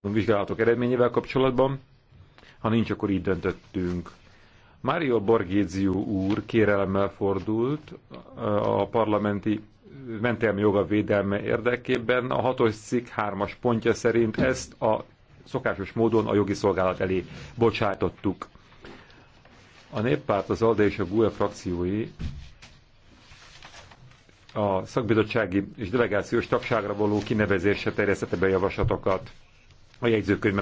vizsgálatok eredményével kapcsolatban. Ha nincs, akkor így döntöttünk. Mário Borgézió úr kérelemmel fordult eh, a parlamenti mentelmi joga védelme érdekében. A hatos cikk hármas pontja szerint ezt a szokásos módon a jogi szolgálat elé bocsátottuk. A néppárt, az ALDE és a GUE frakciói a szakbizottsági és delegációs tagságra való kinevezésre terjesztette be javaslatokat a jegyzőkönyvben